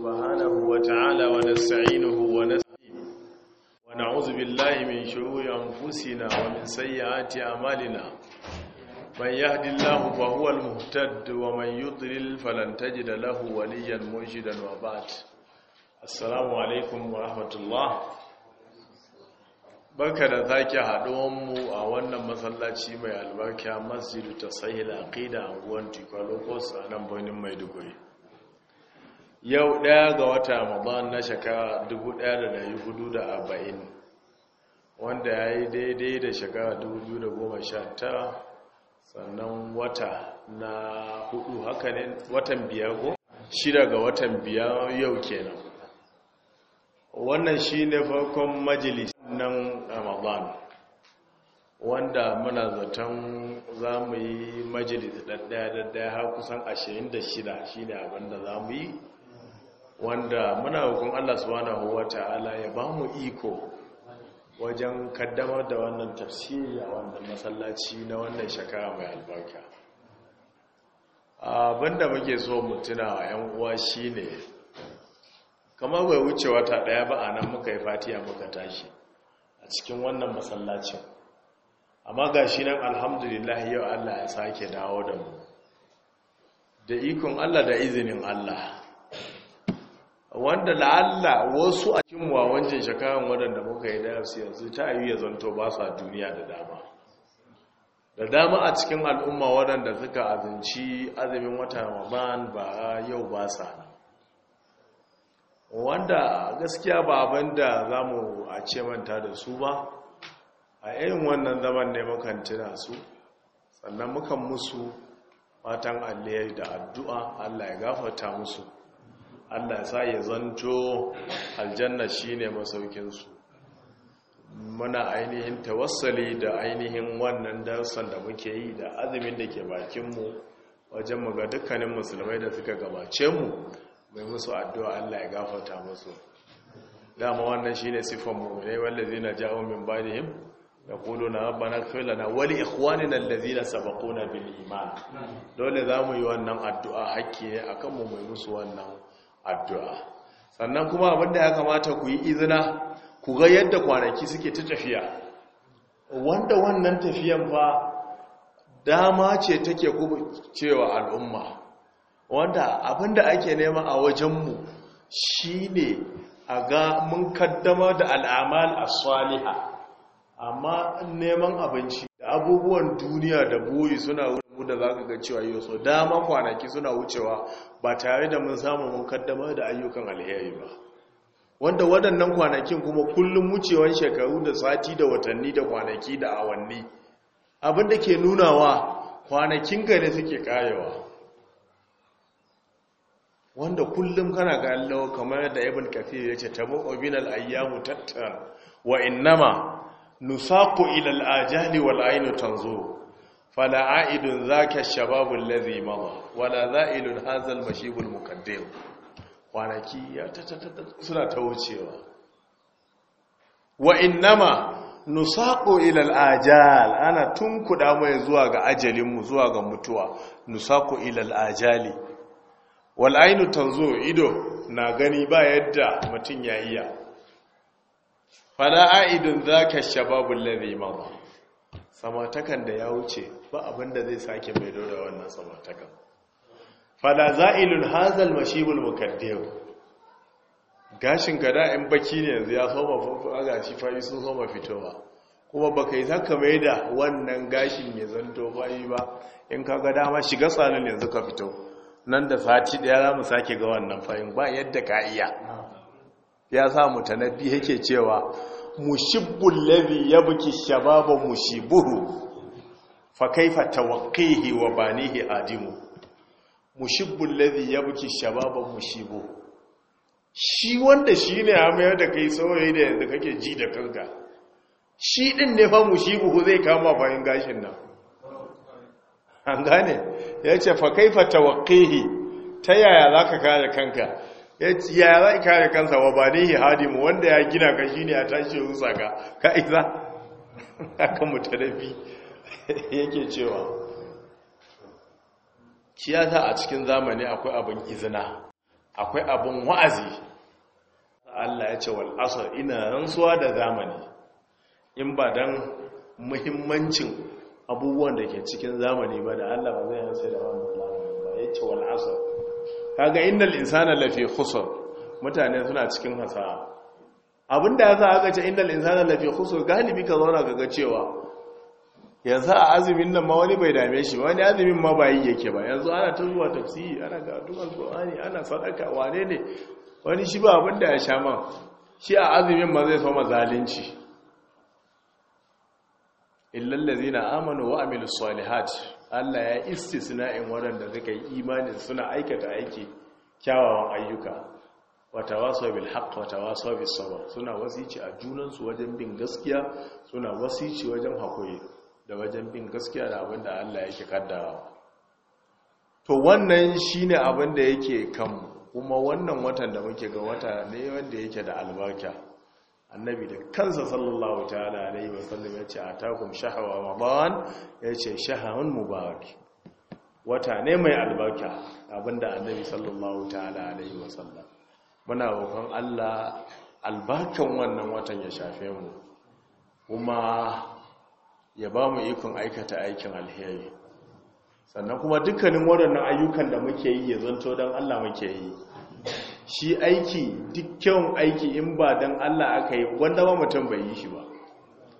سبحانه وتعالى ونستعينه ونستعينه ونعوذ بالله من شرور أنفسنا ومن سيئات أعمالنا من يهد الله فهو المهتد ومن يضلل فلن تجد له وليا مرشدا وبعد السلام عليكم ورحمة الله barka da zaki mu a wannan masallaci mai albarka masjidu ta sahil aqida anguwan tikwa locus a nan birnin maiduguri yau ɗaya ga wata ramadan na shekara 1440 wanda ya yi daidai da shekara 2019 sannan wata na hudu haka ne watan biyar ko shida ga watan biyar yau kenan wannan shi ne farkon majalis nan ramadan wanda muna zaton za mu yi majalis ɗaɗɗaya ɗaɗɗaya har kusan 26 shi ne abinda za mu yi wanda muna hukun Allah Huwa ta'ala ya ba mu iko wajen kaddamar da wannan tafsiri a wannan masallaci na wannan shekara mai albarka abinda muke so mu tuna 'yan uwa shine kamar bai wuce wata daya ba a nan muka yi fati a muka tashi a cikin wannan masallacin amma ga shi nan alhamdulillah yau Allah ya sake dawo da mu da ikon Allah da izinin Allah wanda la'alla wasu a cikin wawancin shakaran waɗanda muka yi da hafsi yanzu ta yi ya zanto ba su a duniya da dama da dama a cikin al'umma waɗanda suka azinci azumin wata ramadan ba yau ba sa wanda gaskiya ba abin da za mu a ce manta da su ba a irin wannan zaman ne mukan tuna su sannan mukan musu fatan alliyar da addu'a allah ya gafata musu Allah sa ya zanto aljanna shine masaukin su muna ainihin tawassali da ainihin wannan darsan da muke yi da azumin da ke bakinmu wajen mu ga dukkanin musulmai da suka gabace mu mai musu addu'a Allah ya gafarta musu dama wannan shine sifan mu ne wallazina ja'u min ba'dihim yaquluna rabbana ighfir lana wa li ikhwanina allazina sabaquna bil iman dole zamu yi wannan addu'a hakki ne akan mu mai musu wannan addu'a sannan kuma abinda ya kamata ku yi izina ku ga yadda kwanaki suke ta tafiya wanda wannan tafiyan fa dama ce take cewa al'umma wanda abinda ake nema a wajenmu shi ne a ga mun kaddama da al'amal a saliha amma neman abinci da abubuwan duniya da buri suna ku za ka ga cewa yi wasu dama kwanaki suna wucewa ba tare da mun samu mun kaddama da ayyukan alheri ba wanda waɗannan kwanakin kuma kullum wucewan shekaru da sati da watanni da kwanaki da awanni abin da ke nunawa kwanakin gane suke karewa wanda kullum kana kallo kamar da ibn kathir yace tabu binal ayyamu tattar wa innama nusaqu ila al-ajali wal ainu tanzuru fala aidun zaka shababul ladhi mama wala za'ilun hazal mashibul muqaddim kwanaki suna ta wucewa wa innama nusaqu ila al-ajal ana tunkuda mai zuwa ga ajalin mu zuwa ga mutuwa nusaqu ila al-ajali wal ainu tanzu ido na gani ba yadda mutun ya iya fala aidun zaka shababul ladhi mama samartakan da ya wuce ba abinda zai sake mai dora wannan samartakan fada za'ilun hazal mashibul mukaddim gashin da in baki ne yanzu ya soma a gashi fayi sun soma fitowa kuma baka yi ka mai da wannan gashin ya zanto fayi ba in ka ga dama shiga tsanin yanzu ka fito nan da sati daya za mu sake ga wannan fayin ba yadda ka iya ya sa mutanabbi yake cewa mushibbul ladhi yabki shababa mushibuhu fa kaifa tawqihi wa banihi adimu mushibbul ladhi yabki shababa mushibuhu shi wanda shine amayar da kai saurayi da yanzu kake ji da kanka shi din ne fa mushibuhu zai kama bayan gashin nan an gane ya ce fa kaifa tawqihi ta yaya zaka kare kanka ya za ya kare kansa wa ba ne hadimu wanda ya gina ka shi ne a tashi yanzu ka iza akan mutanabi yake cewa kiyata a cikin zamani akwai abin izina akwai abin wa'azi Allah ya ce wal'asar ina rantsuwa da zamani in ba dan muhimmancin abubuwan da ke cikin zamani ba da Allah ba zai sai da wani ba ya ce wal'asar kaga inda linsana lafi khusur mutane suna cikin hasa abinda za aka ce inda linsana lafi khusur galibi ka zauna ga cewa yanzu a azumin nan ma wani bai dame shi wani azumin ma bayi yake ba yanzu ana ta zuwa tafsiri ana karatun alqur'ani ana sadaka wane ne wani shi ba abinda ya sha man shi a azumin ma zai so mazalunci illal ladzina amanu wa amilus salihati Allah ya sana'in waɗanda suka yi imanin suna aikata aiki kyawawan ayyuka wata wasu bil haqq wata wasu sabr suna wasici a junansu wajen bin gaskiya suna wasici wajen hakuri da wajen bin gaskiya da abinda Allah yake kaddawa to wannan shine abinda yake kan kuma wannan watan da muke ga wata ne wanda yake da albarka annabi da kansa sallallahu ta'ala alaihi wasallam ya ce a takun shahawa ramadan ya ce shahawun mubarak wata ne mai albarka abinda annabi sallallahu ta'ala alaihi wasallam muna roƙon Allah albarkan wannan watan ya shafe mu kuma ya ba mu ikon aikata aikin alheri sannan kuma dukkanin waɗannan ayyukan da muke yi ya zanto don Allah muke yi shi aiki duk kyawun aiki in ba don Allah aka yi wanda ba mutum bai yi shi ba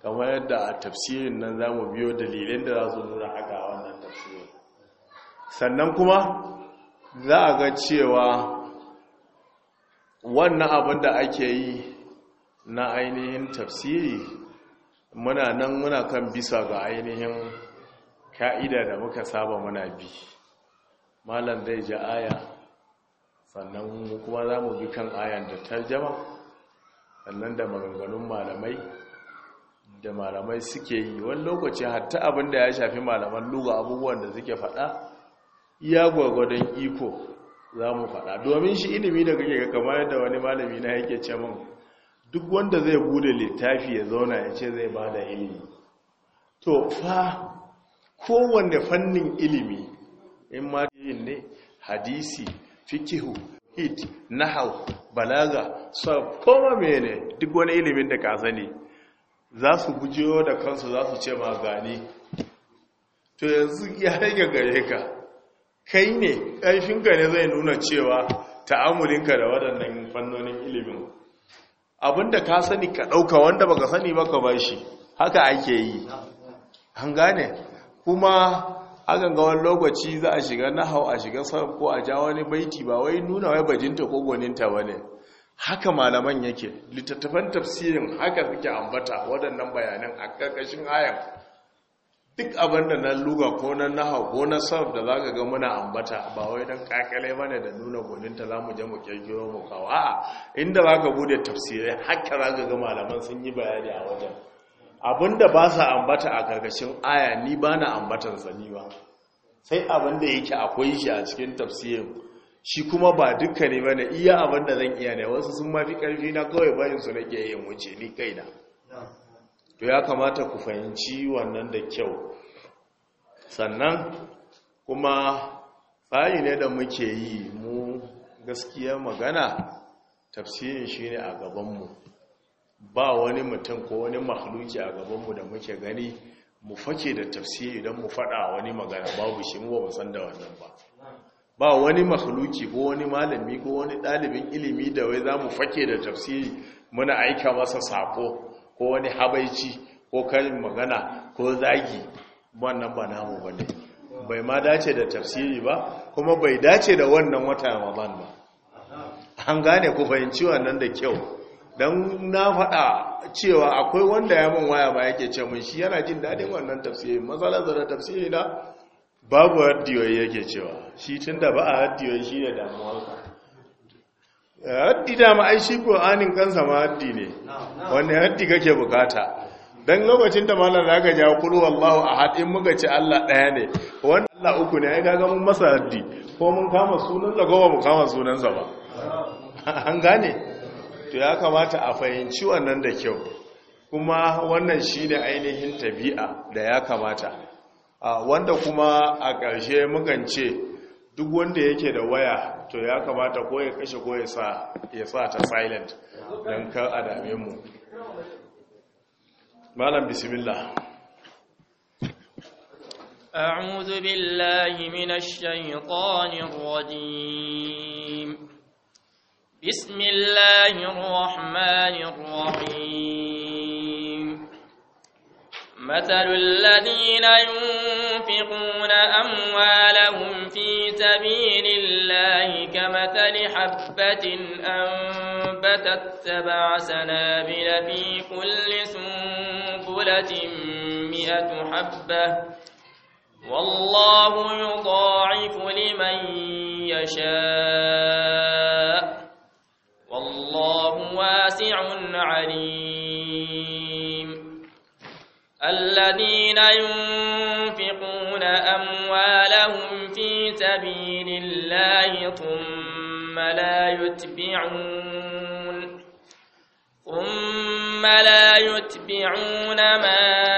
kamar yadda a tafsirin nan za mu biyo dalilin da za su nuna haka a wannan tafsirin sannan kuma za a ga cewa wannan abin da ake yi na ainihin tafsiri muna nan muna kan bisa ga ainihin ka'ida da muka saba muna bi malam zai ji aya sannan kuma za mu bi kan ayan da tarjama sannan da maganganun malamai da malamai suke yi wani lokaci hatta abin da ya shafi malaman luga abubuwan da suke faɗa ya gwagwadon iko za mu faɗa domin shi ilimi da kake kama yadda wani malami na yake ce min duk wanda zai bude littafi ya zauna ya ce zai ba da ilimi to fa kowanne fannin ilimi in ma ne hadisi fikihu hit nahaw, balaga so koma mene duk wani ilimin da ka sani za su bujiyo da kansu za su ce magani? to yanzu ya rage gare ka kai ne kaifinka ne zai nuna cewa ta'amulinka da waɗannan fannonin ilimin abinda ka sani ka ɗauka wanda baka sani ba ka shi haka ake yi an gane kuma hakan ga wani lokaci za a shiga nahau a shiga sarf ko a ja wani baiti ba wai nuna wai bajinta ko goninta ba ne haka malaman yake littattafan tafsirin haka suke ambata waɗannan bayanan a ƙarƙashin ayan duk abin da na luga ko na nahau ko na sarf da za ka ga muna ambata ba wai don ƙaƙale ne da nuna goninta za mu je mu ƙirƙiro mu kawo a'a inda za ka bude tafsirai haka za ka ga malaman sun yi bayani a wajen abinda ba sa ambata a karkashin aya ni ba na ambatan ba, sai abinda yake akwai shi a cikin tafsirin shi kuma ba duka ne ba na iya abinda zan iya ne wasu sun mafi karfi na kawai bayan su nake yin wuce ni kaina to ya kamata ku fahimci wannan da kyau sannan kuma tsari ne da muke yi mu gaskiya magana tafsirin shi ne a gabanmu ba wani mutum ko wani mahaluki a gabanmu da muke gani mu fake da tafsiri idan mu faɗa wani magana babu shi mu ba san da wannan ba ba wani mahaluki ko wani malami ko wani ɗalibin ilimi da wai za mu fake da tafsiri muna aika masa sako ko wani habaici ko karin magana ko zagi wannan ba namu ba bai ma dace da tafsiri ba kuma bai dace da wannan wata ramadan ba an gane ku fahimci wannan da kyau don na faɗa cewa akwai wanda ya mun waya ba yake ce mun shi yana jin daɗin wannan tafsiri matsalar zara tafsiri na babu haddiyoyi yake cewa shi tun da ba a haddiyoyi shi ne damuwarsa haddi dama ai shi ƙo'anin kansa ma haddi ne wanda haddi kake bukata don lokacin da malar da aka jawo kuru wallahu a haɗin muka ce allah ɗaya ne wanda allah uku ne ai gaga mun masa haddi ko mun kama sunan ba mu kama sunansa ba an gane to ya kamata a fahimci wannan da kyau kuma wannan shi ne ainihin tabi'a da ya kamata wanda kuma a ƙarshe mukan ce duk wanda yake da waya to ya kamata ko ya kashe ko ya sa ta silent don kar a dame mu malam bismillah a'udhu billahi minash الشيطان rajim بسم الله الرحمن الرحيم مثل الذين ينفقون أموالهم في سبيل الله كمثل حبة أنبتت سبع سنابل في كل سنبلة مئة حبة والله يضاعف لمن يشاء والله واسع عليم الذين ينفقون أموالهم في سبيل الله ثم لا يتبعون ثم لا يتبعون ما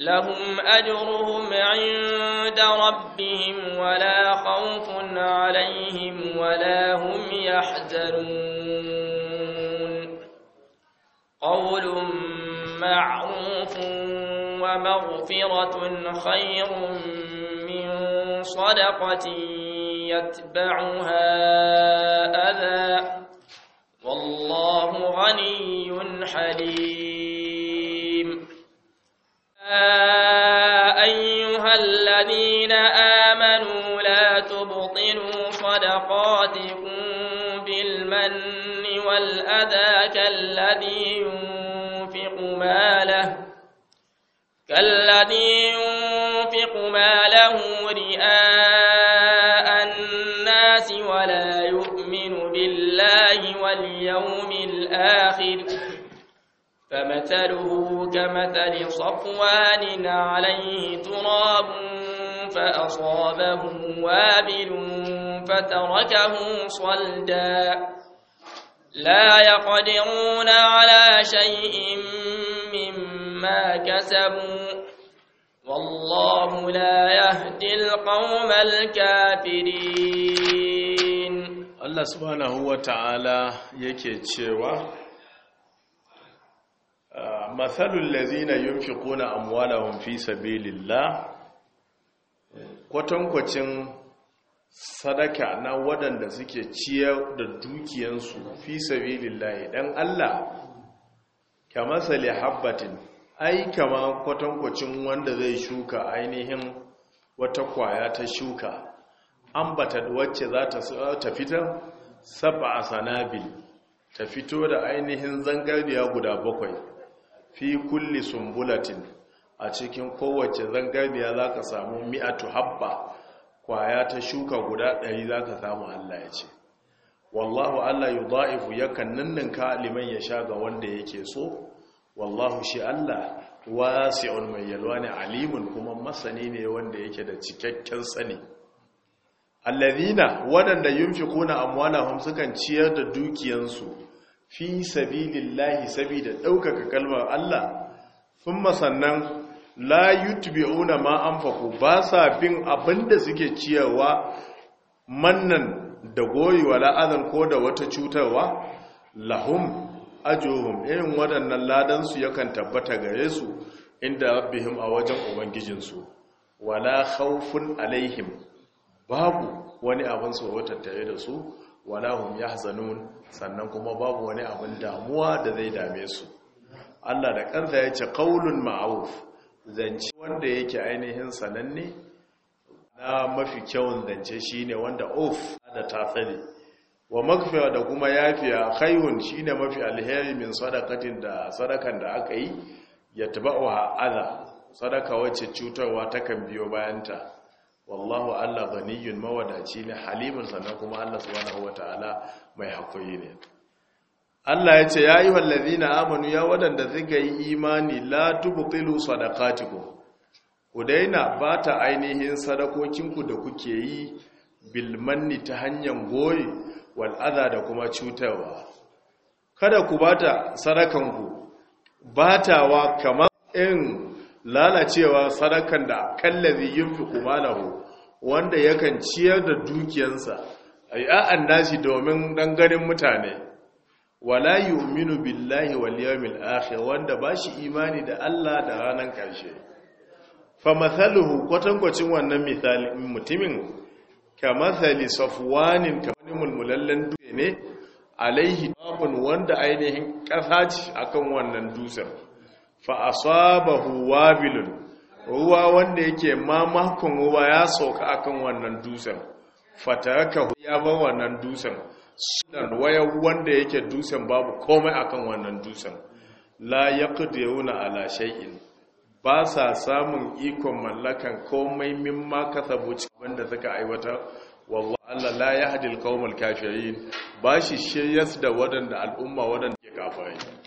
لهم أجرهم عند ربهم ولا خوف عليهم ولا هم يحزنون قول معروف ومغفرة خير من صدقة يتبعها أذى والله غني حليم أيها الذين آمنوا لا تبطلوا صدقاتكم بالمن والأذى كالذي ينفق ماله كالذي ينفق ماله مثله كمثل صفوان عليه تراب فأصابه وابل فتركه صلدا لا يقدرون على شيء مما كسبوا والله لا يهدي القوم الكافرين الله سبحانه وتعالى يكي masalul lazina yunfiquna amwalahum fi sabilillah kwatankwacin sadaka na waɗanda suke ciyar da dukiyansu fi sabilillah dan Allah ka sali habbatin ai kama kwatankwacin wanda zai shuka ainihin wata kwaya ta shuka ambata wacce za ta fitar saba a sanabil ta fito da ainihin zangarniya guda bakwai fi kulli sumbulatin a cikin kowace zangarniya za ka samu mi'atu habba kwaya ta shuka guda ɗari za ka samu Allah ya ce wallahu Allah yi za'ifu yakan ka liman ya sha ga wanda yake so wallahu shi Allah wasi'un mai yalwa ne alimun kuma masani ne wanda yake da cikakken sani allazina waɗanda yunfiquna amwalahum sukan ciyar da dukiyansu fi sabi sabida ɗaukaka kalmar Allah Sun masannan la una ma faku ba sa bin abinda suke ciyarwa mannan da goyi wa la'adar ko da wata cutarwa lahum ajuhum irin waɗannan ladansu yakan tabbata gare su inda bihim a wajen ubangijinsu wala haufin alaihim babu wani abin tsoro tattare da su walahum yahzanun sannan kuma babu wani abin damuwa da zai dame su Allah da kansa ya ce qaulun ma'auf zance wanda yake ainihin sananne na mafi kyawun zance ne wanda of da tsari wa magfiya da kuma yafiya shi ne mafi alheri min sadakatin da sadakan da aka yi ya wa adha sadaka wacce cutarwa takan biyo bayanta wallahu Allah ganiyun mawadaci ne halimun sannan kuma Allah subhanahu wataala mai hakuri ne Allah ya ce ya yi wallazina amanu ya wadanda suka yi imani la tubtilu sadaqatikum ku daina ba ta ainihin sadakokinku da kuke yi bilmanni ta hanyar goyi wal'aza da kuma cutarwa kada ku ba ta sadakanku ba kamar in lalacewa sadakan da kallazi yunfiqu kumalahu wanda yakan ciyar da dukiyansa ay a'an nasi domin dangarin mutane wala yu'minu billahi wal yawmil akhir wanda bashi imani da Allah da ranan karshe fa mathaluhu kwatankwacin wannan misalin mutumin kamathali safwanin kamar mulmulallen dutse ne alaihi babun wanda ainihin ƙasa ce akan wannan dusar fa asabahu wabilun ruwa wanda yake mamakon ruwa ya sauka akan wannan dusan fataraka ya bar wannan dusan Sunan waya wanda yake dusan babu komai akan wannan dusan la yaqdiruna ala shay'in ba sa samun ikon mallakan komai mimma kasabu wanda suka aiwatar wallahi Allah la yahdi al kafirin bashi shiryas da wadanda al'umma wadanda ke kafirai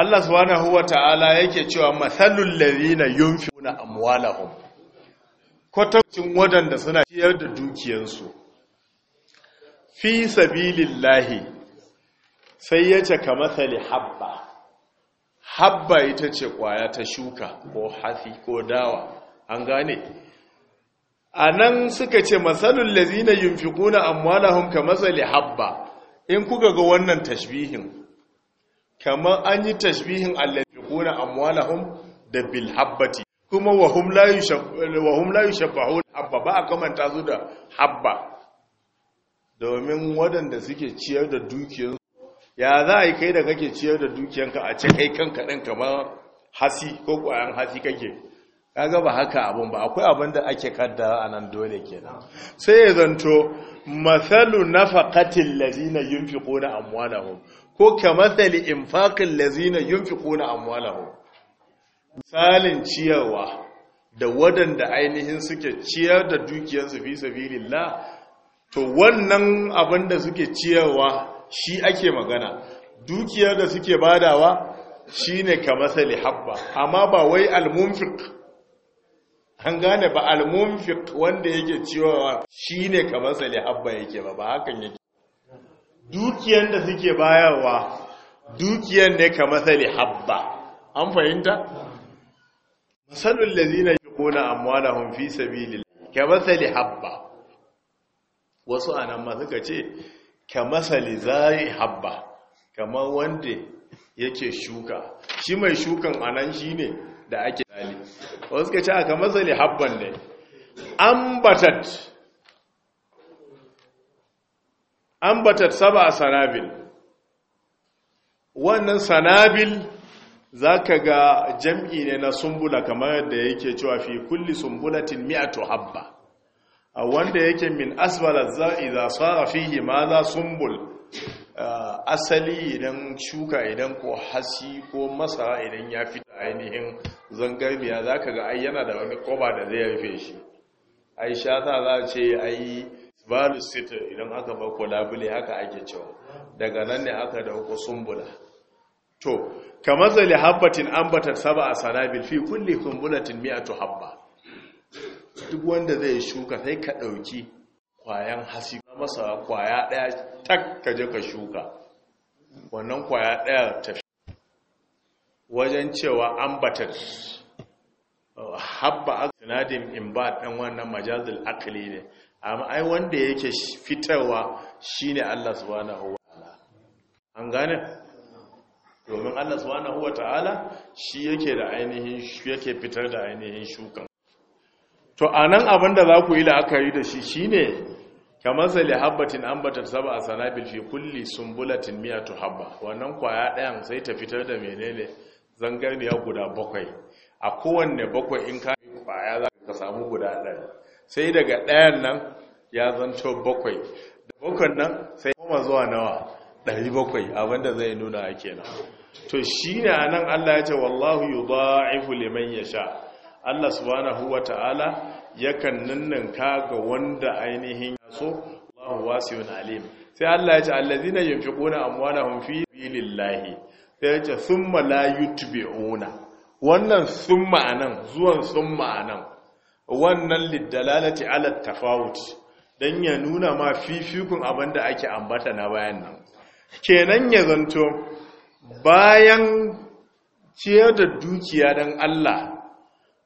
Allah subhanahu ta'ala yake cewa mathalul ladina yunfiquna amwalahum kwatancin wadanda suna ciyar da dukiyarsu fi sabilillahi sai yace kamathali habba habba ita ce kwaya ta shuka ko hafi ko dawa an gane a suka ce matsalul lazina yunfiquna amwalahum kamathali habba in kuka ga wannan tashbihin kamar an yi tashbihin allafikuna amwalahum da bilhabbati kuma wahum layu yushabbahun abba ba a kamanta su da habba domin waɗanda suke ciyar da dukiyar ya za a yi kai da kake ciyar da dukiyanka a cikai kanka ɗin kamar hasi ko ƙwayan hasi kake ya gaba haka abin ba akwai abin da ake kaddara a nan dole kenan sai ya zanto yin fi ladina amwala amwalahum ko kamathali infaqil lazina yunfiquna amwalahum misalin ciyarwa da waɗanda ainihin suke ciyar da dukiyarsu fi sabilillah to wannan abinda suke ciyarwa shi ake magana dukiyar da suke badawa shine kamathali habba amma ba wai almunfiq an gane ba almunfiq wanda yake ciyarwa shine kamathali habba yake ba ba hakan yake Dukiyan da suke bayarwa dukiyan ne ka matsali habba an fahimta? masalul lazina yi kona amwalahun fi sabilillah ka matsali habba wasu anan masu suka ce ka matsali zari habba kamar wanda yake shuka shi mai shukan anan shi ne da ake zali wasu ka ce ka matsali habban ne ambatat An ambatat saba sanabil wannan sanabil zaka ga jam'i ne na sumbula kamar yadda yake cewa fi kulli sumbulatin mi'atu habba a wanda yake min asbala za'i za sara fihi ma za sumbul asali idan shuka idan ko hasi ko masara idan ya fita ainihin zangarbiya zaka ga ai da wani koba da zai rufe shi aisha ta za ce ai balu sitir idan aka ba bako labule haka ake cewa daga nan ne aka dauko sumbula to kamar zali habbatin ambatar saba a sanabil fi kulli kumbulatin mi'atu habba duk wanda zai shuka sai ka dauki kwayan hasi masa kwaya daya tak ka je ka shuka wannan kwaya daya ta wajen cewa ambatar uh, habba sinadin imbat dan wannan majazil akli ne amma ai wanda yake fitarwa shine Allah subhanahu wataala an gane domin Allah subhanahu wataala shi yake da ainihin yake fitar da ainihin shukan to anan abin da za ku yi la'akari da shi shine kamar zali habbatin ambatar saba a sanabil fi kulli sumbulatin to habba wannan kwaya ɗayan sai ta fitar da menene zangarniya guda bakwai a kowanne bakwai in ka kwaya za ka samu guda ɗari sai daga ɗayan nan ya zanto bakwai Da bakwai nan sai kuma zuwa nawa ɗari bakwai abinda zai nuna a kenan to shi ne a nan allah ya ce wallahu yi ifu liman ya sha allah subhanahu huwa ta'ala yakan ninninka ga wanda ainihin ya so wallahu yi alim sai allah ya ce allazina na amwalahum fi sabilillahi sai ya ce summa la yi yutbi'una wannan sun ma'anan, zuwan sun ma'anan. wannan liddalalati ala tafawut dan ya nuna ma fifikun abinda ake ambata na bayan nan kenan ya zanto bayan ciyar da dukiya dan Allah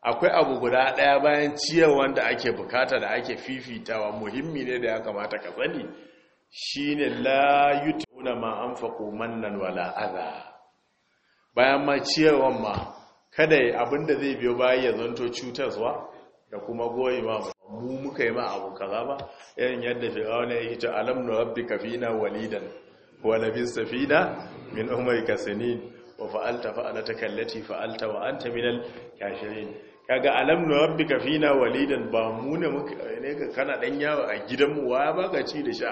akwai abu guda daya bayan ciyar wanda ake bukata da ake fifitawa muhimmi ne da ya kamata ka sani shine la yutuna ma anfaqu mannan wala adha bayan ma ciyarwan ma kada abinda zai biyo bayan ya zanto cutarwa da kuma goyi ma mu muka yi ma abu kaza ba irin yadda fir'auna yake ce alam rabbika fina walidan wa labista safina, min umrika kasinin wa fa'alta fa'alata kallati fa'alta wa anta minal kashirin kaga alam rabbika fina walidan ba mu ne muka ne ka kana dan yawo a gidanmu wa Ka ci da sha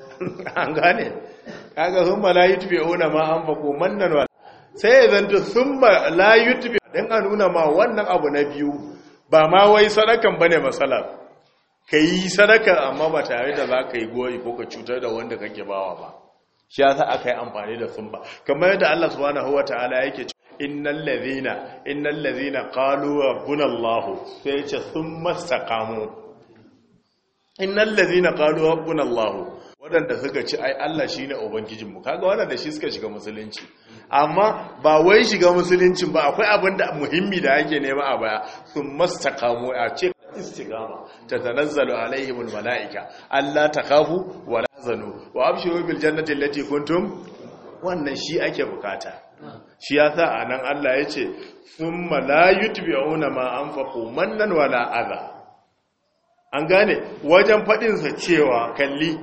an gane kaga sun malayit bi ona ma an fako mannan sai zanto sun malayit bi dan a nuna ma wannan abu na biyu ba ma wai sadakan bane matsalar. ka yi sadaka amma ba tare da za ka yi goyi ko ka cutar da wanda kake bawa ba shi ya sa aka yi amfani da sun ba kamar yadda Allah subhanahu wa ta'ala yake innal ladhina innal ladhina qalu rabbuna Allah sai yace sun kamo. innal ladhina qalu rabbuna Allah wadanda suka ci ai Allah shine ubangijinmu kaga waɗanda shi suka shiga musulunci amma ba wai shiga musulunci ba akwai abin da muhimmi da ake nema a baya sun mastakamu a ce istigama ta tanazzalu alaihimul mala'ika Allah ta kafu, wala zanu wa abshiru bil jannati allati kuntum wannan shi ake bukata shi ya sa a nan Allah ya ce sun malayut ma an faƙo mannan wala aza an gane wajen faɗinsa cewa kalli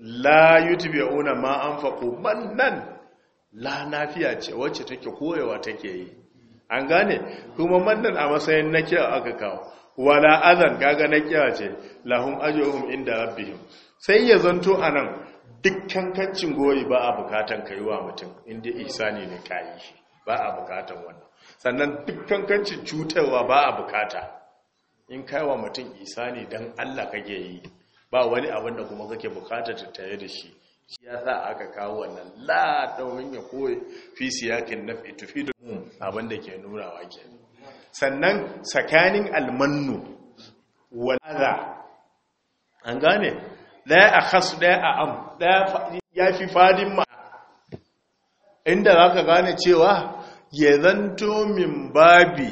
layut biya'una ma an mannan la ce wacce take koyewa take yi an gane kuma mannan a matsayin na kiyar aka kawo wala azan gaga na kiyar ce lahum ajruhum inda rabbihim sai ya zanto a nan dukkan kancin goyi ba a bukatan wa mutum inda isani ne kai ba a bukatan wannan sannan dukkan kancin cutarwa ba a bukata in kai wa mutum Isa isani dan Allah kake yi ba wani abin da kuma kake bukata tare da shi ya sa aka kawo wannan la domin ya koyi fi siyakin nafi tufidu abin abinda ke nunawa ke sannan tsakanin almannu wal'adha an gane daya a kasu daya a am daya ya fi fadin ma inda za ka gane cewa ya zanto min babi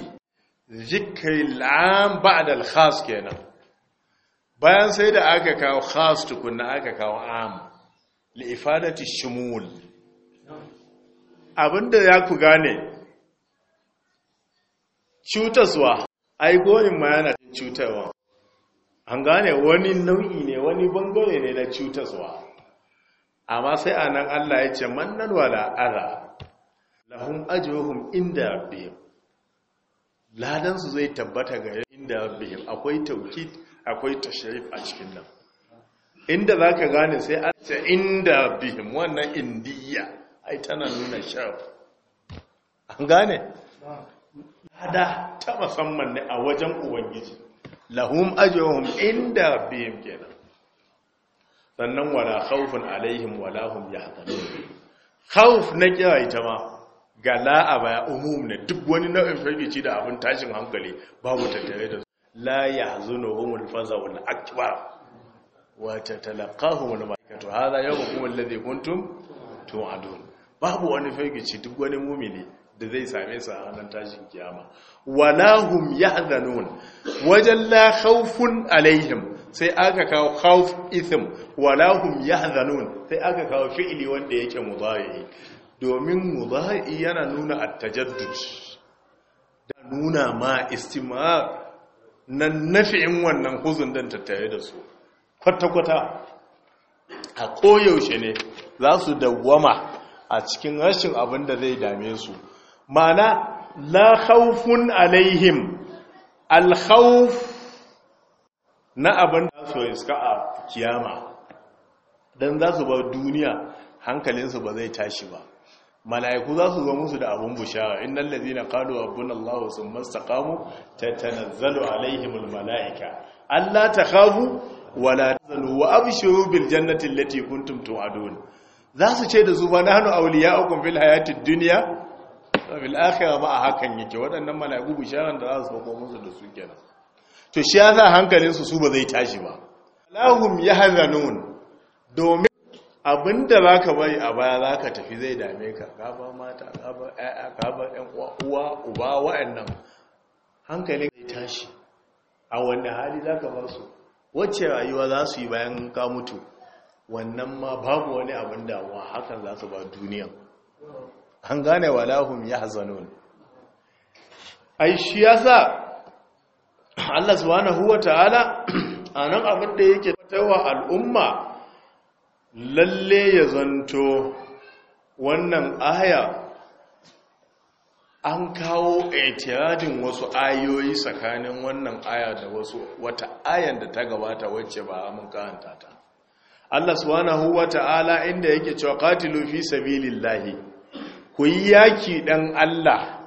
zikirin la'am ba da alkhas kenan bayan sai da aka kawo khas tukunna aka kawo am li'ifadati shumul abinda ya ku gane cutaswa ai goyin ma yana cutarwa an gane wani nau'i ne wani bangare ne na cutaswa amma sai a nan Allah ya ce mannan wala ara lahum ajruhum inda rabbihim ladan su zai tabbata ga inda rabbihim akwai tawkid akwai tashrif a cikin nan inda za ka gane sai an ce inda bihim wannan indiya ai tana nuna shaf an gane lada ta musamman ne a wajen ubangiji lahum ajihum inda bihim kenan sannan wala haufin alaihim wala hum yahzanun hauf na kyawai ta ma gala a baya umum ne duk wani nau'in firgici da abin tashin hankali babu tattare da la fasa wani akbar wata talaqahu wal malaikatu hadha yawmukum lade kuntum adon, babu wani firgici duk wani mumini da zai same su a hannun tashin kiyama wala hum yahzanun wajen la haufun alaihim sai aka kawo khawf ithm wala hum yahzanun sai aka kawo fi'ili wanda yake mudari domin mudari yana nuna a tajaddud da nuna ma istimar nan nafi'in wannan huzun don tattare da su kwata-kwata a koyaushe ne za su dawwama a cikin rashin abin da zai dame su mana la haufun alaihim alhauf na abin da su iska a kiyama don za su bar duniya hankalinsu ba zai tashi ba mala'iku za su zo musu da abun bushara innal na qalu rabbuna allah summa istaqamu tatanazzalu alaihimul mala'ika Allah ta takhafu wala tazalu wa abshiru bil jannati allati kuntum tu'adun za ce da zuwa na hannu auliya'ukum fil hayati dunya fil akhirah ba a hakan yake waɗannan mala'iku bisharan da za su musu da su kenan to shi ya hankalin su su ba zai tashi ba lahum yahzanun domin abinda zaka bari a baya zaka tafi zai dame ka ka ba mata ka ba ƴaƴa ka ba ƴan uwa uba wa'annan hankalin zai tashi a wanda hali zaka ba su wacce rayuwa za su yi bayan ka mutu wannan ma babu wani abin damuwa hakan za su ba duniya an gane wa lahum ya hazanun ai shi ya sa Allah subhanahu wa ta'ala a nan abin da yake tawa al'umma lalle ya zanto wannan ahaya an kawo itiradin wasu ayoyi tsakanin wannan aya da wasu wata ayan da ta gabata wacce ba mun karanta ta Allah subhanahu wata'ala inda yake cewa qatilu fi sabilillahi ku yi yaki dan Allah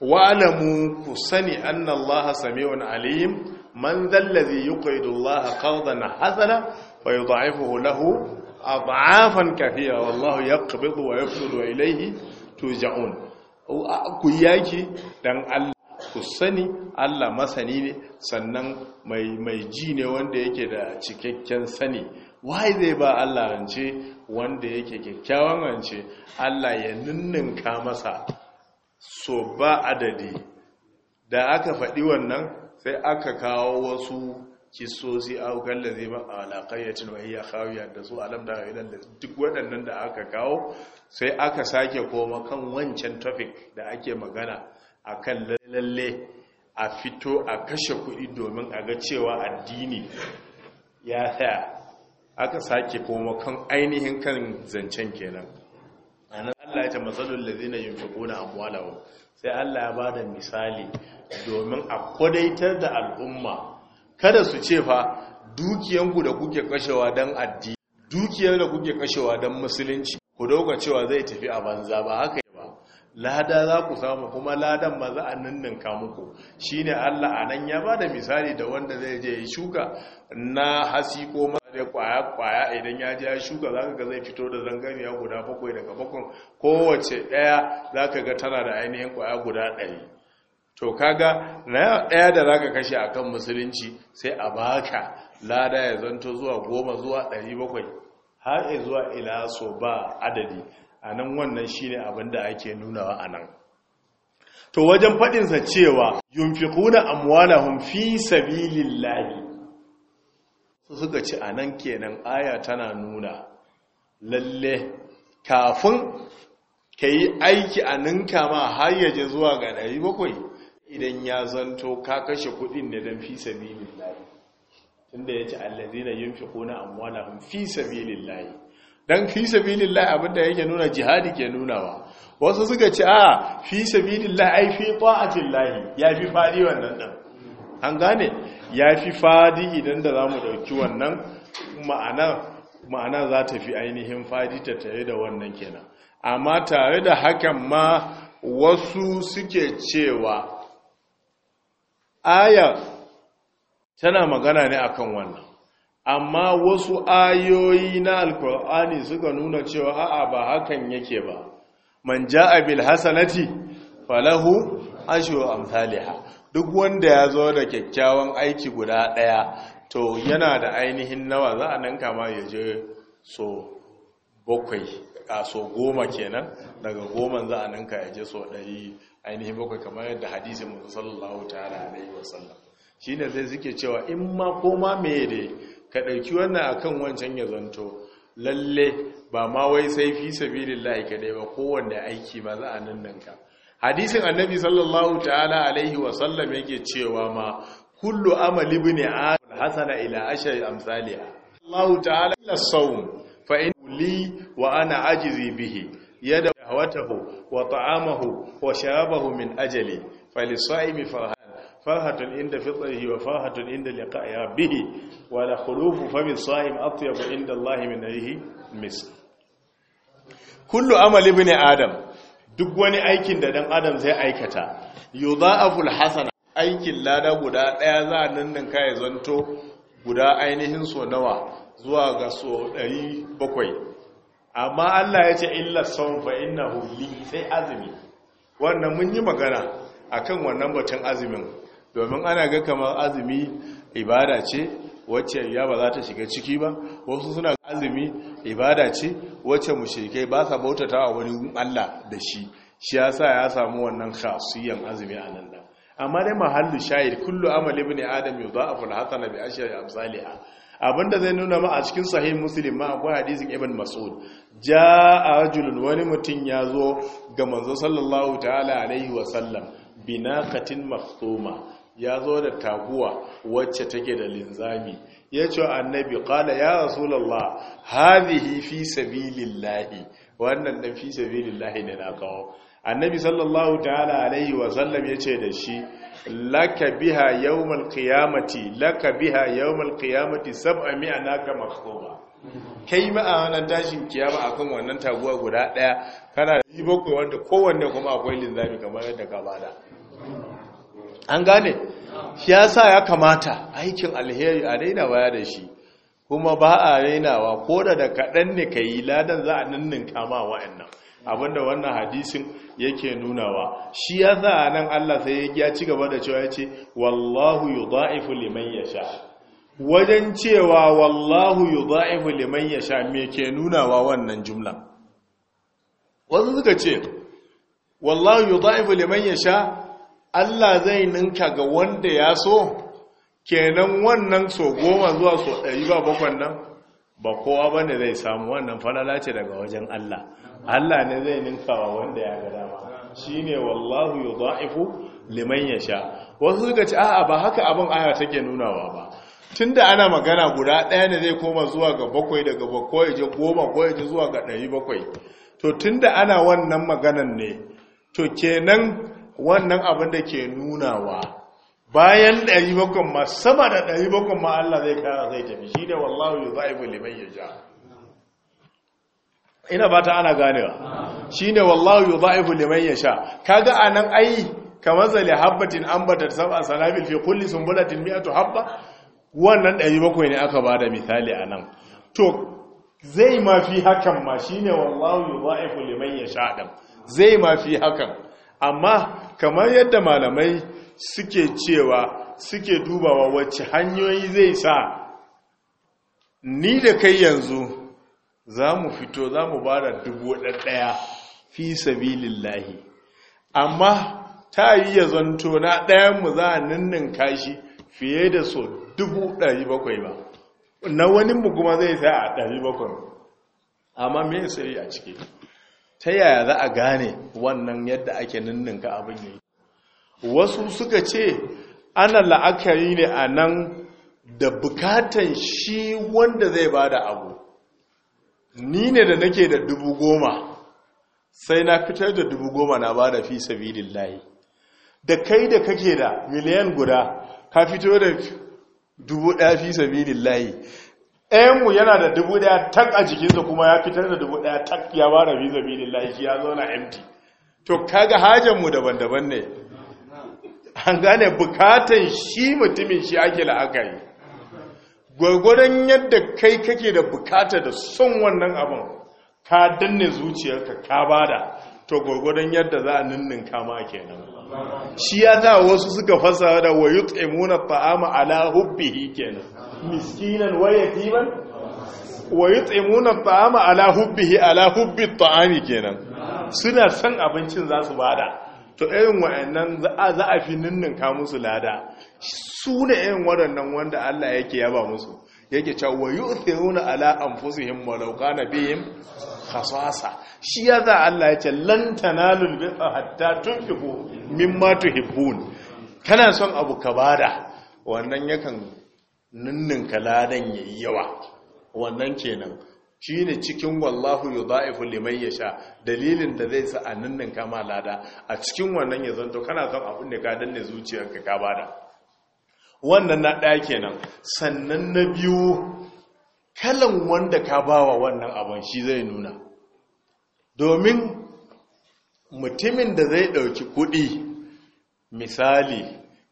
wa alamu ku sani anna samiun alim man zallazi yuqidu Allah qardan hasana fa yud'ifuhu lahu ad'afan kathira wallahu yaqbidu wa yabsutu ilayhi tuja'un ku yaki dan Allah ku sani Allah masani ne sannan mai mai ji ne wanda yake da cikakken sani wai zai ba Allah rance wanda yake kyakkyawan rance Allah ya ninninka masa so ba adadi da aka faɗi wannan sai aka kawo wasu kisozi a zai ba a alaƙayyacin wahiyya kawiyar da su alam da haɗin da duk waɗannan da aka kawo sai aka sake koma kan wancan topic da ake magana a kan lalle a fito a kashe kuɗi domin a ga cewa addini ya tsaya aka sake koma kan ainihin kan zancen kenan a nan allah ya ta matsalar da zina yin fi a amwalawa sai allah ya ba da misali domin a kwadaitar da al'umma kada su ce fa dukiyanku da kuke kashewa don addini dukiyar da kuke kashewa don musulunci ku dauka cewa zai tafi a banza ba haka ba lada za ku samu kuma ladan ba za a ninninka muku ne Allah a nan ya ba da misali da wanda zai je ya shuka na hasi ko ma da kwaya kwaya idan ya je ya shuka za ka zai fito da zangariya guda bakwai daga bakwai kowace ɗaya za ka ga tana da ainihin kwaya guda ɗari to kaga na ɗaya da za ka kashe a kan musulunci sai a baka lada ya zanto zuwa goma zuwa ɗari bakwai har zuwa ila so ba adadi a nan wannan shine abin da ake nunawa a nan to wajen faɗinsa cewa yunfiquna amwalahum fi sabilillahi su suka ci a nan kenan aya tana nuna lalle kafin ka yi aiki a ninka ma har yaje zuwa ga ɗari bakwai idan ya zanto ka kashe kudin ne don fi sabilillahi tunda yace allazina na amwalahum fi sabilillahi dan fi sabilillahi abinda yake nuna jihadi ke nunawa wasu suka ce a fi sabilillahi ai fi ta'atillahi ya fi fadi wannan din an gane ya fi fadi idan da zamu dauki wannan ma'ana ma'ana za ta fi ainihin fadi ta tare da wannan kenan amma tare da hakan ma wasu suke cewa aya tana magana ne akan wannan amma wasu ayoyi na alkur'ani suka nuna cewa a'a ba hakan yake ba man ja'a bil hasanati falahu ashru amsalha duk wanda ya zo da kyakkyawan aiki guda daya to yana da ainihin nawa za a nan kama ya je so bakwai a so goma kenan daga goma za a nan ka ya je so ɗari ainihin bakwai kamar yadda hadisin mu sallallahu ta'ala alaihi wasallam ne zai zike cewa in ma koma me da ka ɗauki wannan akan wancan ya zanto lalle ba ma wai sai fi sabilillahi kadai ba kowanne aiki ma za a nan ka hadisin annabi sallallahu ta'ala alaihi wasallam yake cewa ma kullu amali ibn adam hasana ila ashri amsalia Allah ta'ala ila sawm fa in wa ana ajizi bihi yada shahawatahu wa ta'amahu wa sharabahu min ajali falisaimi farhan farhatun inda fitrihi wa farhatun inda liqa'i rabbih wa la khulufu fami sa'im atyabu inda Allah min rihi mis kullu amal ibn adam duk wani aikin da dan adam zai aikata yudha'aful hasana aikin lada guda daya za a nannan kai zanto guda ainihin so nawa zuwa ga so 700 amma Allah ya ce illa saum fa innahu li sai azumi wannan mun yi magana akan wannan batun azumin domin ana ga kamar azumi ibada ce wacce ya ba za ta shiga ciki ba wasu suna azumi ibada ce wacce mushrikai ba sa bautata a wani Allah da shi shi yasa ya samu wannan khasiyan azumi a nan da. amma dai mahallu shahid kullu amali ibn adam yudha'afu al-hasana bi ashri amsalha abinda zai nuna ma a cikin sahih muslim ma akwai hadisin ibn mas'ud Ja a julun wani mutum ya zo ga manzo sallallahu ta'ala alaihi wa sallam binaqatin maftuma ya zo da taguwa wacce take da linzami ya ce annabi kala ya rasulullah hadhihi fi sabilillahi wannan dan fi sabilillahi ne na kawo annabi sallallahu ta'ala alaihi wa sallam ce da shi laka biha yawmal qiyamati laka biha yawmal qiyamati sab'a naka makhuma kai ma a wannan tashin kiyama akan wannan taguwa guda daya kana yi bakwai wanda kowanne kuma akwai linzami kamar yadda ka bada an gane shi yasa ya kamata aikin alheri a daina waya da shi kuma ba a rainawa ko da da kaɗan ne ka yi ladan za a ninninka ma wa'annan abinda wannan hadisin yake nunawa shi ya sa nan Allah sai ya giya ci gaba da cewa ya ce wallahu za'ifu liman sha. wajen cewa wallahu za'ifu liman sha me ke nunawa wannan jumla wasu suka ce wallahu za'ifu liman sha? Allah zai ninka ga wanda ya so kenan wannan so goma zuwa so ɗari ba bakwan nan ba kowa bane zai samu wannan falala ce daga wajen Allah Allah ne zai ninkawa wanda ya ga dama shine wallahu yudha'ifu liman yasha wasu suka ci a'a ba haka abin aya take nunawa ba tunda ana magana guda ɗaya ne zai koma zuwa ga bakwai daga bakwai je goma ko je zuwa ga ɗari bakwai to tunda ana wannan maganan ne to kenan wannan abin da ke nunawa bayan ɗari bakwai ma sama da ɗari bakwai ma Allah zai kara zai tafi shi ne wallahu yudha'ifu liman yasha ina ba ta ana ganewa ne wallahu yudha'ifu liman sha kaga anan ai kamar zale habbatin ta sab'a sanabil fi kulli sunbulatin mi'atu habba wannan ɗari bakwai ne aka ba da misali anan to zai ma fi hakan ma ne wallahu yudha'ifu liman sha ɗan. zai ma fi hakan amma kamar yadda malamai suke cewa suke dubawa wacce hanyoyi zai sa ni da kai yanzu za mu fito za mu ba da dubu ɗaya fi sabilin lahi amma ta yi ya zanto na ɗayanmu za a ninnin kashi fiye da so dubu ɗari bakwai ba na wani mu kuma zai sai a ɗari bakwai amma mai sai a ciki ta yaya za a gane wannan yadda ake ka abin yi wasu suka ce ana la'akari ne a nan da bukatan shi wanda zai ba da abu ni ne da nake da dubu goma sai na fitar da dubu goma na ba da fi sabidin layi da kai da kake da miliyan guda ka fito da dubu daya fi sabidin layi ɗayanmu yana da dubu daya tak a jikinsa kuma ya fitar da dubu daya tak ya ba da fi sabidin layi shi ya zauna empty to kaga hajjanmu daban-daban ne an gane bukatan shi mutumin shi ake la'akari gwargwadon yadda kai kake da bukata da son wannan abin ka danne zuciyarka ka bada to gwargwadon yadda za a ninnin kama kenan shi ya ta wasu suka fasa da wayut yut'imuna fa'ama ala hubbihi kenan miskinan waye yatiman wayut yut'imuna fa'ama ala hubbihi ala hubbi ta'ami kenan suna san abincin za su bada to irin wa'annan za a fi ninnin ka musu lada su ne yin waɗannan wanda Allah yake yaba musu yake cewa wa yu'thiruna ala anfusihim walau kana bihim khasasa shi ya za Allah ya yake lan tanalul birra hatta tunfiqu mimma tuhibbun kana son abu ka bada wannan yakan ninninka ladan yayi yawa wannan kenan shi ne cikin wallahu yi za'ifu liman ya sha dalilin da zai sa a ninnin ma lada a cikin wannan ya zanto kana son abin da ka danne zuciyarka ka bada wannan na ɗaya kenan sannan na biyu kalan wanda ka bawa wannan abin shi zai nuna domin mutumin da zai ɗauki kuɗi misali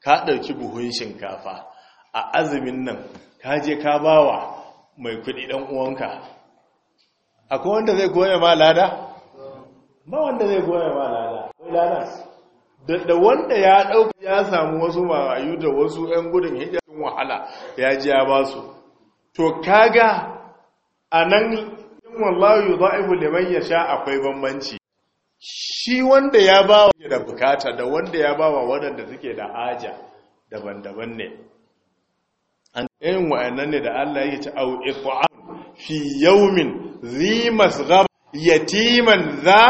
ka ɗauki buhun shinkafa a azumin nan ka je ka bawa mai kuɗi ɗan uwanka akwai wanda zai goya ma lada? ba wanda zai goya ma lada ko lada da wanda ya ɗauka ya samu wasu marayu da wasu 'yan gudun hijirin wahala ya ji ya ba su to kaga a nan yin wallahu yi za'ibu liman ya sha akwai bambanci shi wanda ya ba wa da bukata da wanda ya ba wa waɗanda suke da haja daban-daban ne an yin wa'annan ne da Allah ya ci au iqam fi yaumin zimas gaba. yatiman za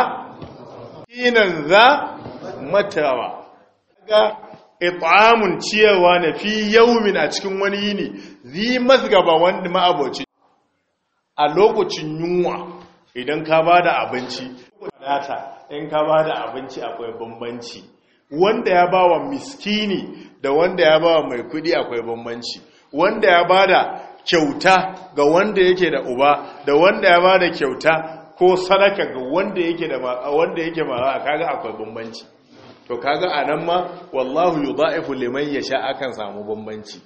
kinan za matawa ga it'amun ciyarwa na fi yawmin a cikin wani yini zi masgaba wani ma'aboci a lokacin yunwa idan ka ba da abinci data in ka ba da abinci akwai bambanci wanda ya ba wa miskini da wanda ya ba wa mai kudi akwai bambanci wanda ya ba da kyauta ga wanda yake da uba da wanda ya ba da kyauta ko sadaka ga wanda yake da wanda yake mara kaga akwai bambanci to kaga a nan ma wallahu yudaifu liman yasha akan samu bambanci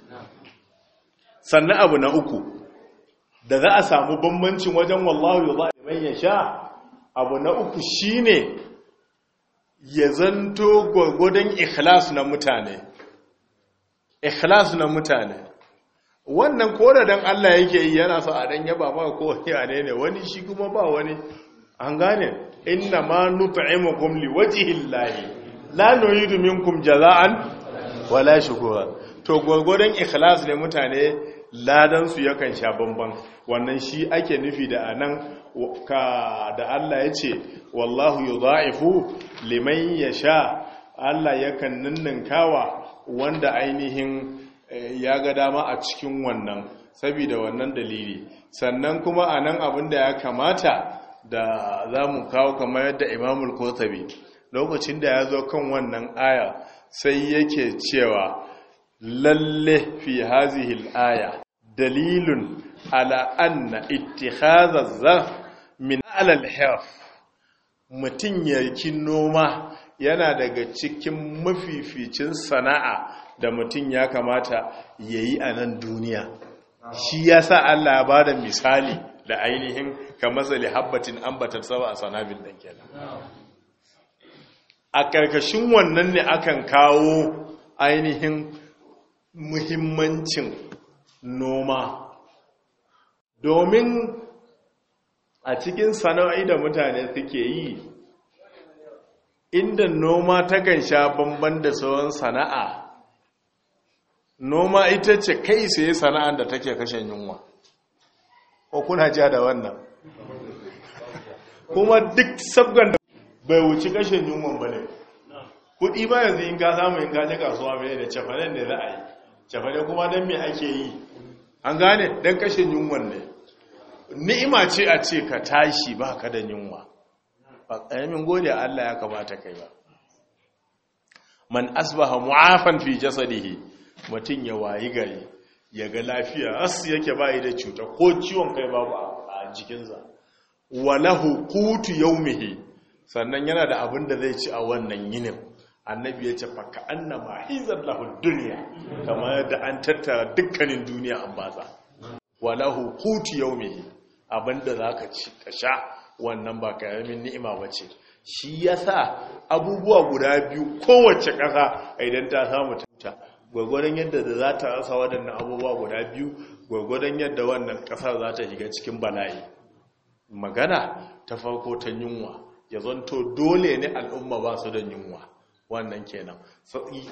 sannan abu na uku da za a samu bambanci wajen wallahu yudaifu liman yasha abu na uku shine ya zanto gwargwadon ikhlas na mutane ikhlas na mutane wannan koda dan Allah yake yi yana so a dan yaba ma ko ne ne wani shi kuma ba wani an gane inna ma nut'imukum liwajhillahi la nuridu minkum jaza'an wala shukura to gwargwadon ikhlas ne mutane ladan su yakan sha bamban wannan shi ake nufi da anan ka da Allah yace wallahu yudha'ifu liman yasha Allah yakan ninninkawa wanda ainihin eh, ya ga dama a cikin wannan saboda wannan dalili sannan kuma anan abin da ya kamata da zamu kawo kamar yadda imamul kotabi lokacin da ya zo kan wannan aya sai yake cewa lalle fi hazihi aya dalilun ala anna az zarf min ala al-hirf mutun noma yana daga cikin mafificin sana'a da mutum ya kamata yayi a nan duniya shi yasa Allah ya bada misali da ainihin kamar matsali habbatin ambatar sabu a sanabin dan kenan a ƙarƙashin wannan ne akan kawo ainihin muhimmancin noma domin a cikin sana'o'i da mutane suke yi inda noma takan sha bamban da sauran sana'a noma ita ce kai sai sana'a da take kashen yunwa ko kuna ja da wannan kuma duk sabgan bai wuce kashe yunwan ba ne kudi ba yanzu in ka samu in kasuwa mai da cefane ne za a yi cefane kuma don me ake yi an gane don kashe yunwan ne ni'ima ce a ce ka tashi ba ka da yunwa ba min gode allah ya kamata kai ba man asbaha mu'afan fi jasadihi mutum ya wayi gari ya ga lafiya as yake bayi da cuta ko ciwon kai babu a jikinsa walahu qutu yawmihi sannan yana da abin da zai ci a wannan yinin annabi ya ce faka annama hizar lahul duniya kamar yadda an tattara dukkanin duniya an baza walahu kuti da za ka ci ka sha wannan ba karamin ni'ima ba ce. shi ya sa abubuwa guda biyu kowace ƙasa idan ta samu tuta Gwagwadon yadda da za ta rasa waɗannan abubuwa guda biyu gwagwaran yadda wannan ƙasar za ta shiga cikin bala'i magana ta farko ta yunwa ya zanto dole ne al'umma ba su da yunwa wannan kenan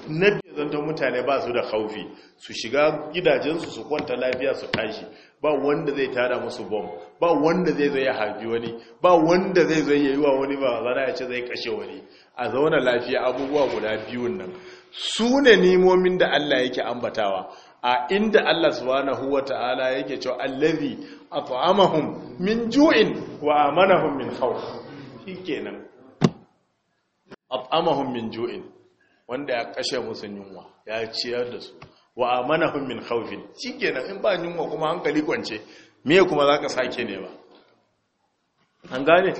na biyu zanto mutane ba su da haufi su shiga gidajensu su kwanta lafiya su tashi ba wanda zai tara musu bom ba wanda zai zai haifi wani ba wanda zai zai yi wa wani ba za ya ce zai kashe wani a zauna lafiya abubuwa guda biyun nan su ne nimomin da Allah yake ambatawa a inda Allah subhanahu wa ta'ala yake cewa allazi at'amahum min ju'in wa amanahum min khawf a at'amahum min ju'in wanda ya kashe musu yunwa ya ciyar da su wa amanahum min khawfin shikenan in ba yunwa kuma hankali kwance me kuma zaka sake ne ba an gane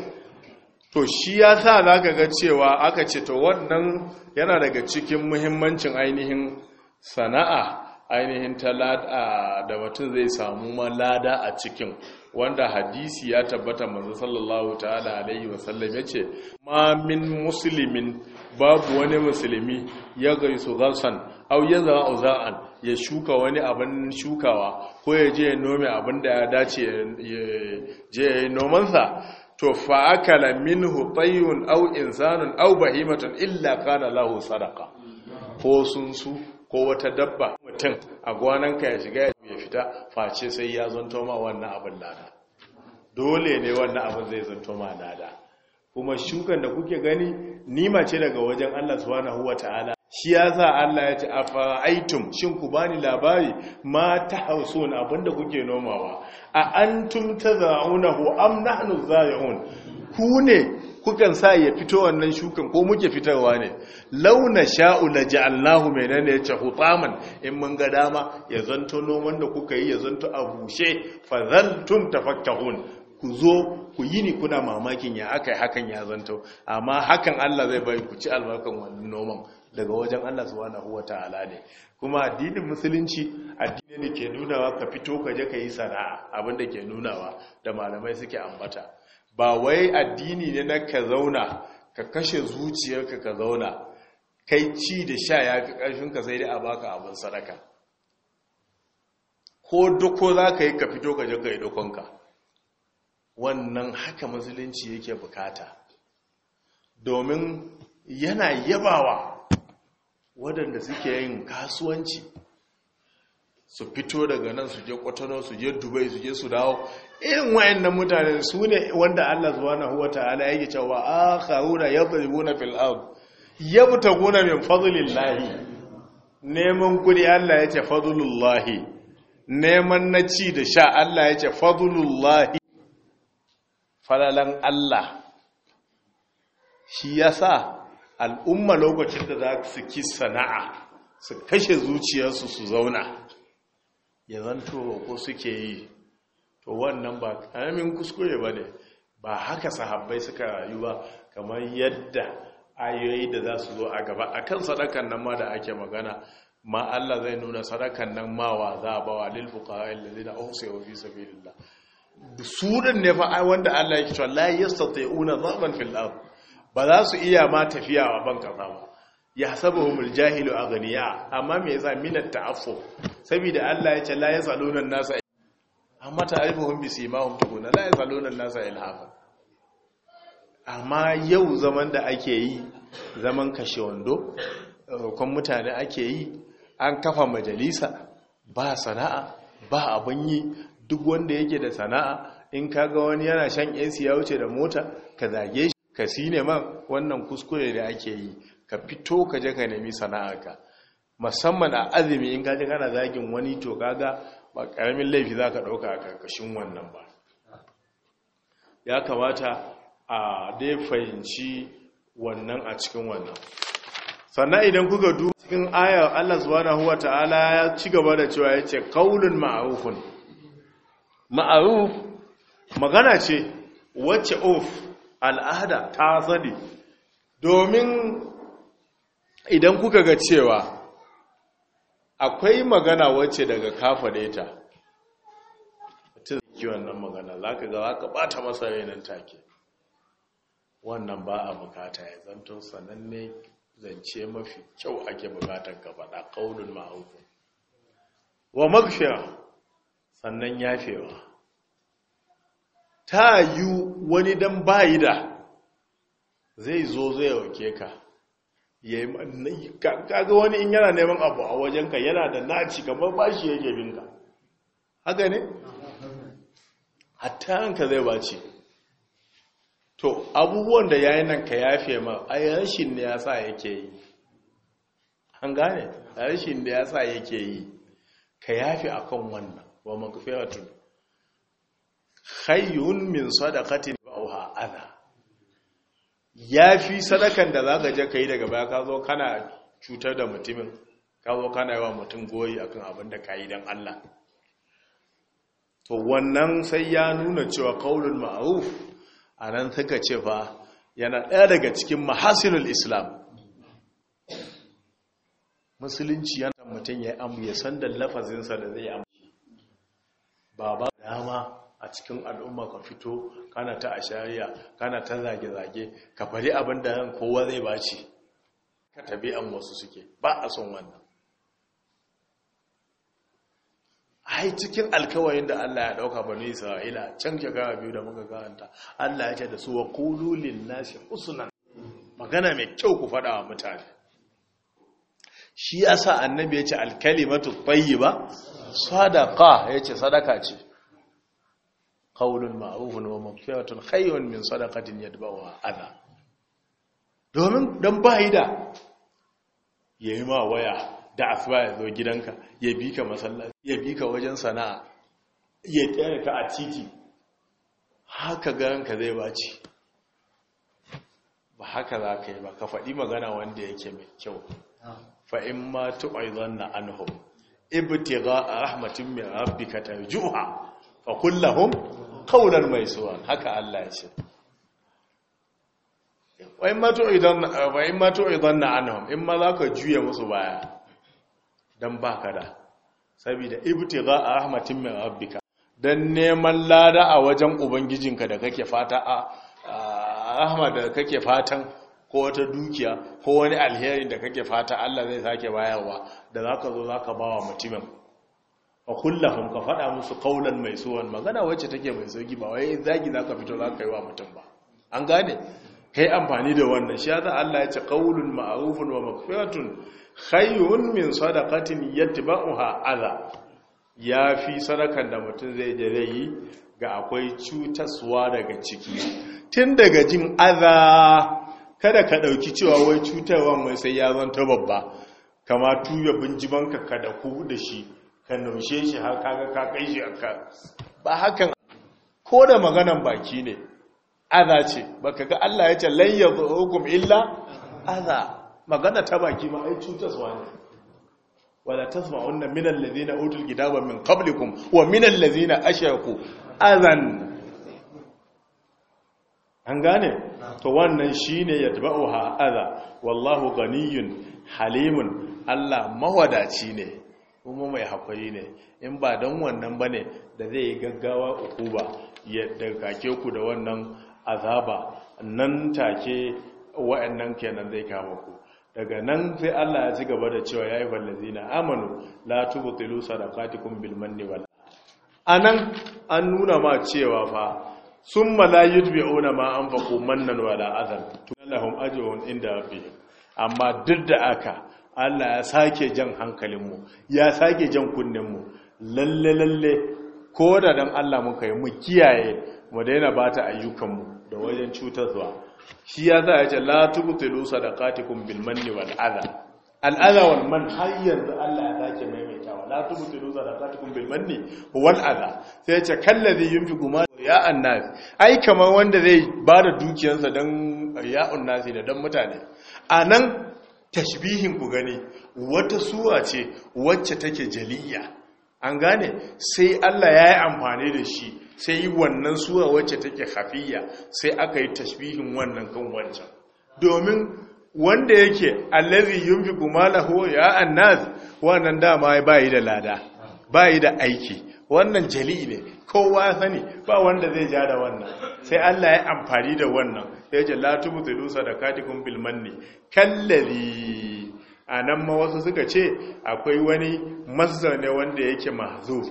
to shi ya sa za ka ga cewa aka ce to wannan yana daga cikin muhimmancin ainihin sana'a ainihin ta lada da mutum zai samu malada a cikin wanda hadisi ya tabbata manzo sallallahu ta'ala alaihi sallam yace ma min muslimin babu wani musulmi ya gaisu gasan au ya zama uza'an ya shuka wani abin shukawa ko ya je ya nome abin da ya dace je ya yi nomansa to akala minhu tayyun au insanun au bahimatun illa kana lahu sadaqa ko sun su ko wata dabba mutum a gwananka ya shiga ya fita face sai ya zonto ma wannan abin lada dole ne wannan abin zai zonto ma lada kuma shukan da kuke gani nima ce daga wajen Allah subhanahu ta'ala shi ya sa Allah ya ce a shin ku bani labari ma ta abin da kuke nomawa a an tumta am nahnu zari'un ku ne kukan sa ya fito wannan shukan ko muke fitarwa ne launa sha'u la ja'alnahu menene yace hutaman in mun ga dama ya zanto noman da kuka yi ya zanto a bushe fazaltum tafakkahun ku zo ku yi ni kuna mamakin ya akai hakan ya zanto amma hakan Allah zai bai ku ci albarkan wannan noman daga wajen Allah subhanahu wataala ne kuma addinin musulunci addini ne ke nunawa ka fito ka je ka yi sana'a abinda ke nunawa da malamai suke ambata ba wai addini ne na ka zauna ka kashe zuciyarka ka zauna kai ci da sha ya fi ƙarfinka sai dai a baka abin sadaka ko ko za ka yi ka fito ka je ka wannan haka musulunci yake bukata domin yana yabawa waɗanda suke yin kasuwanci su fito daga nan su je kwatano su je dubai su je su dawo irin da mutane su ne wanda allah subhanahu wa ta'ala yake cewa a guna yadribuna fil ard guna min lahi neman kudi allah yace lahi neman na ci da sha allah yace lahi falalan allah shi ya sa al'umma lokacin da za su ki sana'a su kashe zuciyarsu su zauna ya zanto roƙo suke yi to wannan ba ƙaramin kuskure ba ne ba haka sahabbai suka rayu ba kamar yadda ayoyi da za su zo a gaba a kan sadakan nan ma da ake magana ma Allah zai nuna sadakan nan ma wa za a bawa lil fuqara allazina uhsiru fi sabilillah sunan ne fa wanda Allah ya ce la yastati'una una fil filar. ba za su iya ma tafiya a ban kaza ba ya sabuhumul jahilu a ganiya. amma me yasa minat saboda Allah ya ce la yasaluna nasa amma ta'rifuhum ma simahum tukuna la yasaluna nasa ilhafa amma yau zaman da ake yi zaman kashe wando rokon mutane ake yi an kafa majalisa ba sana'a ba abin yi duk wanda yake da sana'a in kaga wani yana shan AC ya wuce da mota ka zage shi ka sine man wannan kuskure da ake yi ka fito ka je ka nemi sana'arka musamman a azumi in ka je kana zagin wani to kaga ba karamin laifi za ka ɗauka a karkashin wannan ba ya kamata a dai fahimci wannan a cikin wannan sannan idan kuka duba cikin ayar Allah subhanahu Wata'ala ta'ala ya ci gaba da cewa yace qaulun ma'rufun ma'ruf magana ce wacce of al'ada ta zade domin idan kuka ga cewa akwai magana wacce daga kafa daita mutum zai wannan magana za ka gawa ka bata masa nan take wannan ba a bukata ya zanto sananne zance mafi kyau ake bukatar ka faɗa ƙaunin ma'auku wa makshiya sannan ya fewa. ta yi wani dan bayi da zai zo zai yauke ka ya yi kaga wani in yana neman abu a wajenka yana da naci kamar ba shi yake binka haka ne hatta yanka zai ce to abubuwan da yayin nan ka yafe ma a rashin da ya sa yake yi an gane a rashin da ya sa yake yi ka yafe akan wannan wa makfiratun khayyun min sadakatin ya fi sadakan da za ka je ka yi daga baya ka zo kana cutar da mutumin ka zo kana yawa mutum goyi akan abin da ka yi don Allah to wannan sai ya nuna cewa kaulun ma'ruf a nan suka ce fa yana ɗaya daga cikin mahasinul islam musulunci yana mutum ya amu ya san da lafazinsa da zai amu ba ba dama a cikin al'umma ka fito kana ta ashariya kana ta zage-zage ka fari abin da nan kowa zai baci ka an wasu suke ba a son wannan ai cikin alkawarin da Allah ya dauka bani Isra'ila can shekara biyu da muka karanta Allah ya ce da su wa qulu nasi magana mai kyau ku faɗawa wa mutane shi yasa annabi ya ce alkalimatu ba? sadaqa ya ce sadaka ce ƙaunin ma'rufun wa mafiyatun khayrun min sadaqatin yatba'uha ala domin don ba yi da yayi ma waya da asuba ya zo gidanka ya bi ka masallaci ya bi ka wajen sana'a ya tsaya ka a titi haka garanka zai baci ba haka za ka yi ba ka faɗi magana wanda yake mai kyau fa'in ma tu'aizon na anhu ga a rahmatin mai rabbi ka tarjuha fa kullahum kaular mai suwa haka Allah ce wa'in mato idan na in ma za ka juya musu baya don ba ka da saboda ibti za a rahmatin mai rabbika don neman lada a wajen ubangijinka da kake fata a rahama da kake fatan ko wata dukiya ko wani alherin da kake fata Allah zai sake bayarwa da za ka zo za ka ba wa mutumin fa kullahum ka faɗa musu kaulan mai suwan magana wacce take mai sauki ba wai zagi za ka fito za ka yi wa mutum ba an gane kai amfani da wannan shi za Allah ya ce qaulun ma'arufin wa maghfiratun khayrun min sadaqatin yatba'uha adha fi sadakan da mutum zai je zai yi ga akwai cutaswa daga ciki tun daga jin adha kada ka dauki cewa wai cutarwa mai sai ya zanta babba kama tuya binjibanka kada ku da shi ka shi har kaga ka kai shi aka ba hakan ko da maganan baki ne aza ce baka ga Allah ya ce lan yadhukum illa aza magana ta baki ma ai cutaswa ne wala tasma'unna min alladhina utul kitaba min qablikum wa min alladhina ashraku azan an gane to wannan shine yatba'uha aza wallahu ganiyyun halimun Allah mawadaci ne kuma mai haƙuri ne in ba don wannan ba ne da zai yi gaggawa uku ba ya kake ku da wannan azaba nan take wa'annan kenan zai kama ku daga nan sai Allah ya ci gaba da cewa ya yi wallazina amanu la tubtilu bilman ne wala A nan an nuna ma cewa fa sun summa la auna ma an fako mannan wala adhan lahum ajrun inda rabbihim amma duk da aka Allah ya sake jan hankalinmu ya sake jan kunninmu lalle lalle ko da dan Allah muka yi mu kiyaye mu daina ba ta ayyukanmu da wajen cutarwa shi ya za a ce la tubtilu sadaqatikum bil manni wal adha al adha wal man har yanzu Allah ya sake maimaitawa la tubtilu sadaqatikum bil manni wal adha sai ya ce kallazi yunfiqu ma ya annas ai kamar wanda zai bada dukiyarsa dan ya unnasi da dan mutane anan tashbihin ku gani wata suwa ce wacce take jaliya an gane sai Allah ya yi amfani da shi sai yi wannan suwa wacce take hafiya sai aka yi tashbihin wannan kan wancan domin wanda yake allazi yunfiqu malahu ya annas wannan dama bai da lada bai da aiki wannan jali ne kowa ya sani ba wanda zai ja da wannan sai Allah ya amfani da wannan ya ce la dusa sadaqatikum bil manni kallazi anan ma wasu suka ce akwai wani mazzane wanda yake mahzuf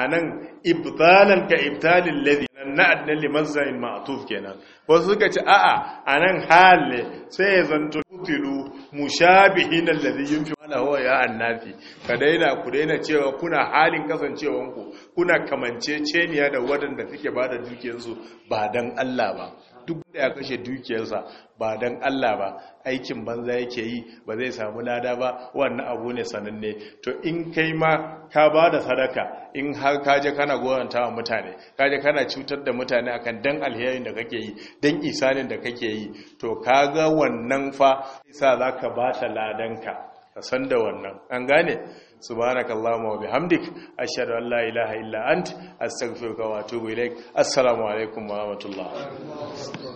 anan ibtalan ka ibtalin ladhi na'ad na liman zain ma'tuf kenan wasu suka ce a'a anan halle sai ya zanto kutilu mushabihin alladhi yunfi wala huwa ya annafi ka daina ku daina cewa kuna halin kasancewanku kuna kamance ceniya da wadanda suke bada dukiyarsu ba dan Allah ba duk da ya kashe dukiyarsa ba don Allah ba aikin banza yake yi ba zai samu lada ba wannan abu ne sananne to in kai ma ka ba da sadaka in har kaje kana goranta wa mutane kaje kana cutar da mutane akan dan alherin da kake yi dan isanin da kake yi to ka ga wannan fa isa ka ba ta ladanka ka san da wannan an gane subhanakallahumma wa bihamdik ashhadu an la ilaha illa ant astaghfiruka wa atubu ilaik assalamu alaikum wa rahmatullah